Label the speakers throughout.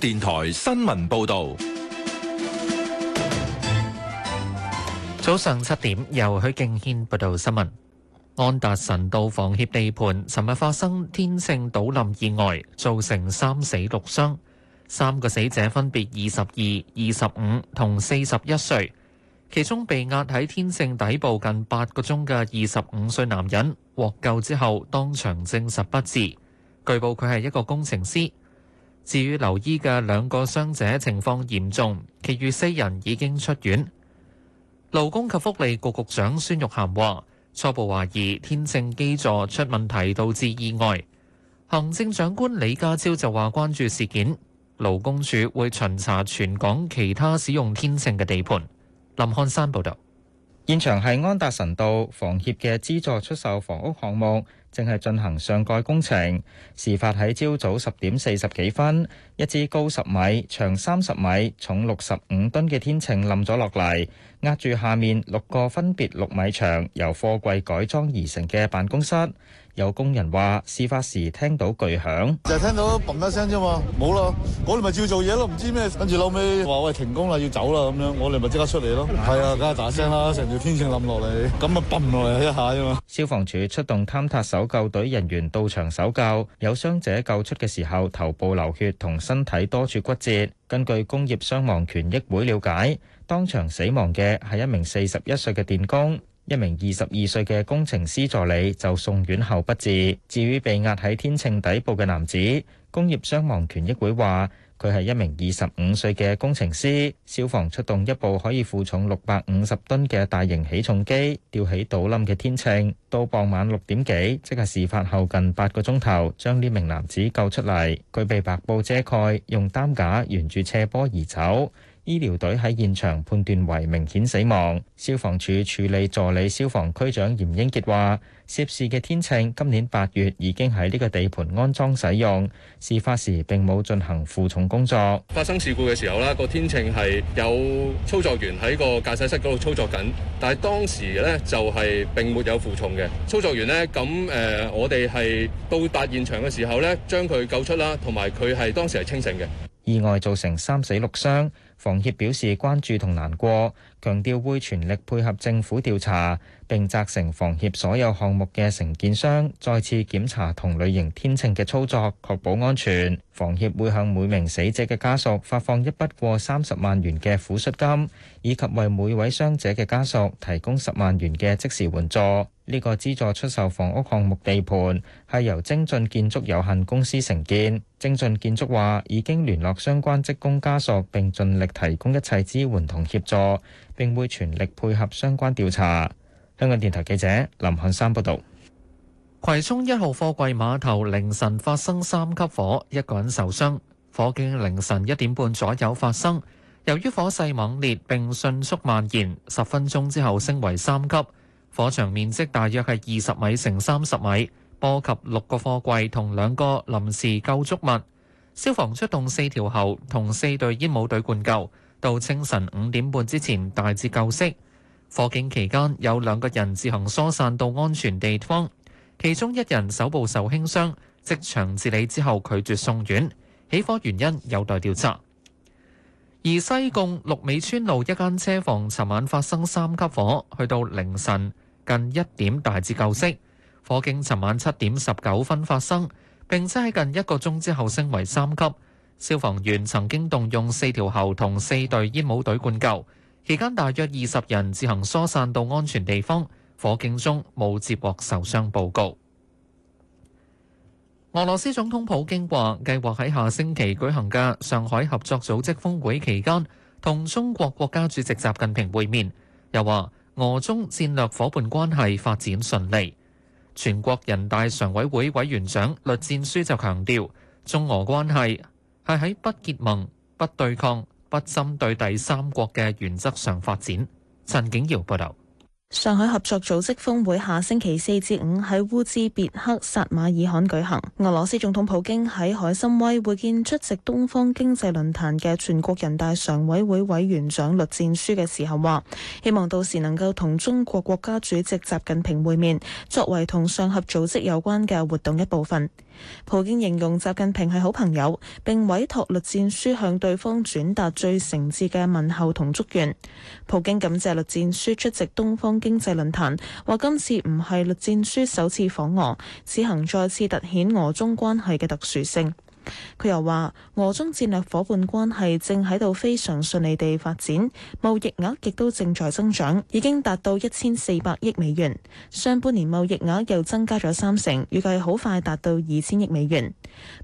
Speaker 1: 電台新聞報道：
Speaker 2: 早上七點，由許敬軒報道新聞。安達臣道房協地盤，尋日發生天秤倒冧意外，造成三死六傷。三個死者分別二十二、二十五同四十一歲，其中被壓喺天秤底部近八個鐘嘅二十五歲男人獲救之後，當場證實不治。據報佢係一個工程師。至於留醫嘅兩個傷者情況嚴重，其餘四人已經出院。勞工及福利局局長孫玉菡話：初步懷疑天秤基座出問題導致意外。行政長官李家超就話關注事件，勞工處會巡查全港其他使用天秤嘅地盤。林漢山報導。現場係安達臣道房協嘅資助出售房屋項目，正係
Speaker 3: 進行上蓋工程。事發喺朝早十點四十幾分，一支高十米、長三十米、重六十五噸嘅天秤冧咗落嚟，壓住下面六個分別六米長由貨櫃改裝而成嘅辦公室。有工人話：事發時聽到巨響，
Speaker 1: 就聽到嘣一聲啫嘛，冇啦。我哋咪照做嘢咯，唔知咩跟住後尾話：喂，停工啦，要走啦咁樣。我哋咪即刻出嚟咯。係啊，梗
Speaker 3: 係大聲啦，成條天線冧落嚟，咁啊嘣落嚟一下啫嘛。消防處出動坍塌搜救隊人員到場搜救，有傷者救出嘅時候頭部流血同身體多處骨折。根據工業傷亡權益會瞭解，當場死亡嘅係一名四十一歲嘅電工。一名二十二歲嘅工程師助理就送院後不治。至於被壓喺天秤底部嘅男子，工業傷亡權益會話佢係一名二十五歲嘅工程師。消防出動一部可以負重六百五十噸嘅大型起重機吊起倒冧嘅天秤，到傍晚六點幾，即係事發後近八個鐘頭，將呢名男子救出嚟。佢被白布遮蓋，用擔架沿住斜坡移走。醫療隊喺現場判斷為明顯死亡。消防處處理助理消防區長嚴英傑話，涉事嘅天秤今年八月已經喺呢個地盤安裝使用，事發時並冇進行負重工作。
Speaker 1: 發生事故嘅時候，呢個天秤係有操作員喺個駕駛室嗰度操作緊，但係當時呢就係並沒有負重嘅操作員呢咁誒，我哋係到達現場嘅時候呢，將佢救出啦，同埋佢係當時係清醒嘅。
Speaker 3: 意外造成三死六傷。房協表示關注同難過，強調會全力配合政府調查，並責成房協所有項目嘅承建商再次檢查同類型天秤嘅操作，確保安全。房協會向每名死者嘅家屬發放一筆過三十萬元嘅撫恤金，以及為每位傷者嘅家屬提供十萬元嘅即時援助。呢個資助出售房屋項目地盤係由精進建築有限公司承建。精進建築話已經聯絡相關職工家屬並盡力提供一切支援同協助，並會全力配合
Speaker 2: 相關調查。香港電台記者林漢山報道，葵涌一號貨櫃碼頭凌晨發生三級火，一個人受傷。火警凌晨一點半左右發生，由於火勢猛烈並迅速蔓延，十分鐘之後升為三級，火場面積大約係二十米乘三十米，波及六個貨櫃同兩個臨時救災物。消防出動四條喉，同四隊煙帽隊灌救，到清晨五點半之前大致救熄。火警期間有兩個人自行疏散到安全地方，其中一人手部受輕傷，即場治理之後拒絕送院。起火原因有待調查。而西貢鹿尾村路一間車房尋晚發生三級火，去到凌晨近一點大致救熄。火警尋晚七點十九分發生。並且喺近一個鐘之後升為三級。消防員曾經動用四條喉同四隊煙霧隊灌救，期間大約二十人自行疏散到安全地方。火警中冇接獲受傷報告。俄羅斯總統普京話：計劃喺下星期舉行嘅上海合作組織峰會期間，同中國國家主席習近平會面。又話俄中戰略伙伴關係發展順利。全國人大常委會委員長栗戰書就強調，中俄關係係喺不結盟、不對抗、不針對第三國嘅原則上發展。陳景堯報道。
Speaker 4: 上海合作組織峰會下星期四至五喺烏茲別克撒馬爾罕舉行。俄羅斯總統普京喺海參崴會見出席東方經濟論壇嘅全國人大常委會委員長栗戰書嘅時候話，希望到時能夠同中國國家主席習近平會面，作為同上合組織有關嘅活動一部分。普京形容習近平係好朋友，並委託栗戰書向對方轉達最誠摯嘅問候同祝願。普京感謝栗戰書出席東方經濟論壇，話今次唔係栗戰書首次訪俄，此行再次凸顯俄中關係嘅特殊性。佢又話：俄中戰略伙伴關係正喺度非常順利地發展，貿易額亦都正在增長，已經達到一千四百億美元。上半年貿易額又增加咗三成，預計好快達到二千億美元。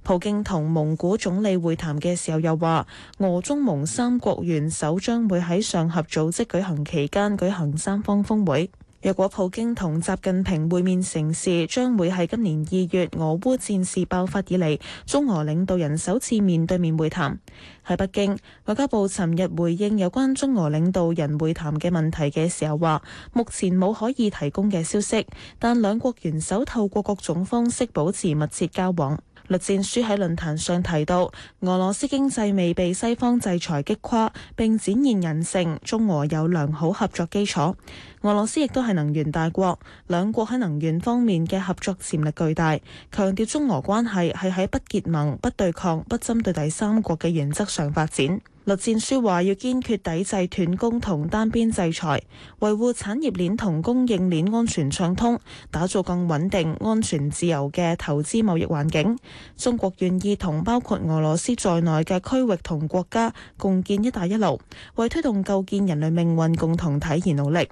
Speaker 4: 普京同蒙古總理會談嘅時候又話：俄中蒙三國元首將會喺上合組織舉行期間舉行三方峰會。若果普京同習近平會面成事，將會係今年二月俄烏戰事爆發以嚟，中俄領導人首次面對面會談。喺北京，外交部尋日回應有關中俄領導人會談嘅問題嘅時候話，目前冇可以提供嘅消息，但兩國元首透過各種方式保持密切交往。栗戰書喺論壇上提到，俄羅斯經濟未被西方制裁擊垮，并展現韌性。中俄有良好合作基礎，俄羅斯亦都係能源大國，兩國喺能源方面嘅合作潛力巨大。強調中俄關係係喺不結盟、不對抗、不針對第三國嘅原則上發展。栗戰書話：要堅決抵制斷供同單邊制裁，維護產業鏈同供應鏈安全暢通，打造更穩定、安全、自由嘅投資貿易環境。中國願意同包括俄羅斯在內嘅區域同國家共建「一帶一路」，為推動構建人類命運共同體而努力。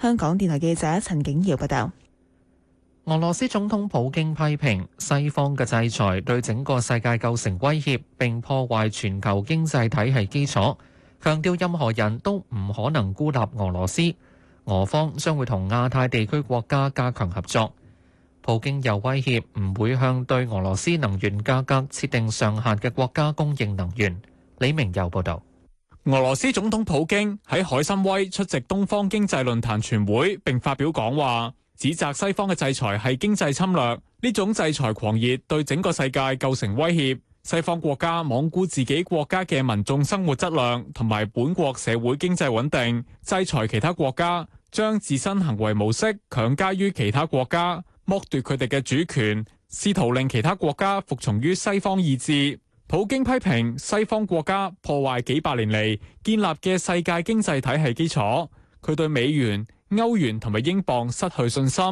Speaker 4: 香港電台記者陳景堯報道。拜拜。俄羅斯總統普京批評
Speaker 2: 西方嘅制裁對整個世界構成威脅，並破壞全球經濟體系基礎，強調任何人都唔可能孤立俄羅斯。俄方將會同亞太地區國家加強合作。普京又威脅唔會向對俄羅斯能源價格設定上限嘅國家供應能源。李明又報導。
Speaker 1: 俄羅斯總統普京喺海參崴出席東方經濟論壇全會並發表講話。指責西方嘅制裁係經濟侵略，呢種制裁狂熱對整個世界構成威脅。西方國家罔顧自己國家嘅民眾生活質量同埋本國社會經濟穩定，制裁其他國家，將自身行為模式強加於其他國家，剝奪佢哋嘅主權，試圖令其他國家服從於西方意志。普京批評西方國家破壞幾百年嚟建立嘅世界經濟體系基礎。佢對美元，歐元同埋英鎊失去信心，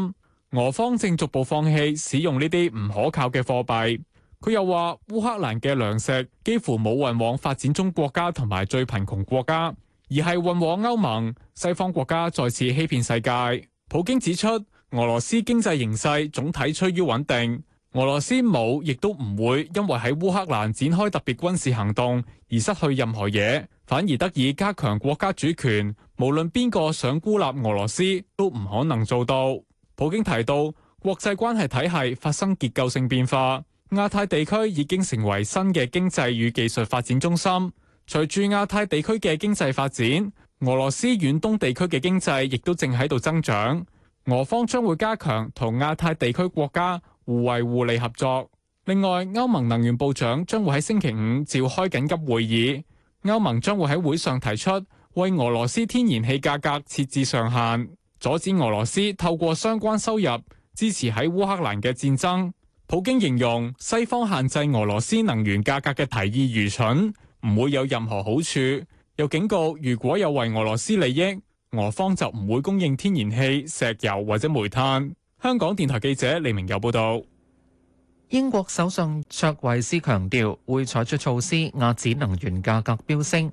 Speaker 1: 俄方正逐步放棄使用呢啲唔可靠嘅貨幣。佢又話，烏克蘭嘅糧食幾乎冇運往發展中國家同埋最貧窮國家，而係運往歐盟，西方國家再次欺騙世界。普京指出，俄羅斯經濟形勢總體趨於穩定，俄羅斯冇亦都唔會因為喺烏克蘭展開特別軍事行動而失去任何嘢，反而得以加強國家主權。無論邊個想孤立俄羅斯，都唔可能做到。普京提到，國際關係體係發生結構性變化，亞太地區已經成為新嘅經濟與技術發展中心。隨住亞太地區嘅經濟發展，俄羅斯遠東地區嘅經濟亦都正喺度增長。俄方將會加強同亞太地區國家互惠互利合作。另外，歐盟能源部長將會喺星期五召開緊急會議，歐盟將會喺會上提出。為俄羅斯天然氣價格設置上限，阻止俄羅斯透過相關收入支持喺烏克蘭嘅戰爭。普京形容西方限制俄羅斯能源價格嘅提議愚蠢，唔會有任何好處。又警告，如果有為俄羅斯利益，俄方就唔會供應天然氣、石油或者煤炭。香港電台記者李明友報道。
Speaker 2: 英國首相卓維斯強調，會採取措施遏止能源價格飆升。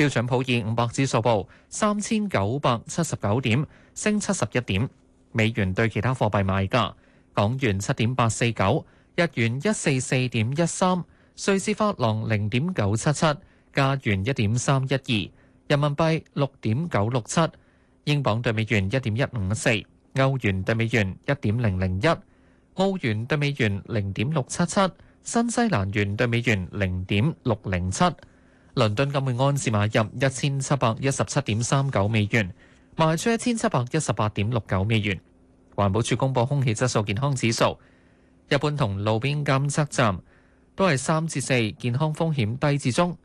Speaker 2: 標準普爾五百指數報三千九百七十九點，升七十一點。美元對其他貨幣賣價：港元七點八四九，日元一四四點一三，瑞士法郎零點九七七，加元一點三一二，人民幣六點九六七，英鎊兌美元一點一五四，歐元兌美元一點零零一，澳元兌美元零點六七七，新西蘭元兌美元零點六零七。倫敦金換安士買入一千七百一十七點三九美元，賣出一千七百一十八點六九美元。環保署公佈空氣質素健康指數，一般同路邊監測站都係三至四，健康風險低至中。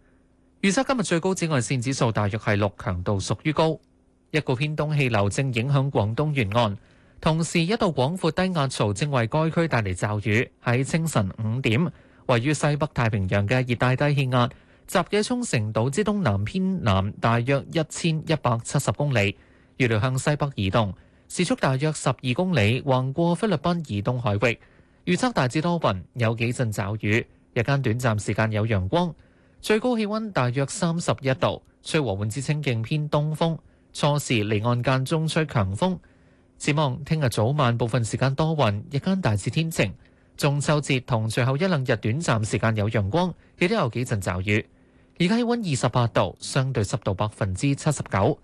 Speaker 2: 預測今日最高紫外線指數大約係六，強度屬於高。一股偏東氣流正影響廣東沿岸，同時一道廣闊低壓槽正為該區帶嚟驟雨。喺清晨五點，位於西北太平洋嘅熱帶低氣壓。集嘅沖繩島之東南偏南，大約一千一百七十公里，預料向西北移動，時速大約十二公里，橫過菲律賓移動海域。預測大致多雲，有幾陣驟雨，日間短暫時間有陽光，最高氣温大約三十一度，吹和緩至清勁偏東風。初時離岸間中吹強風。展望聽日早晚部分時間多雲，日間大致天晴，中秋節同最後一兩日短暫時間有陽光，亦都有幾陣驟雨。而家氣溫二十八度，相對濕度百分之七十九。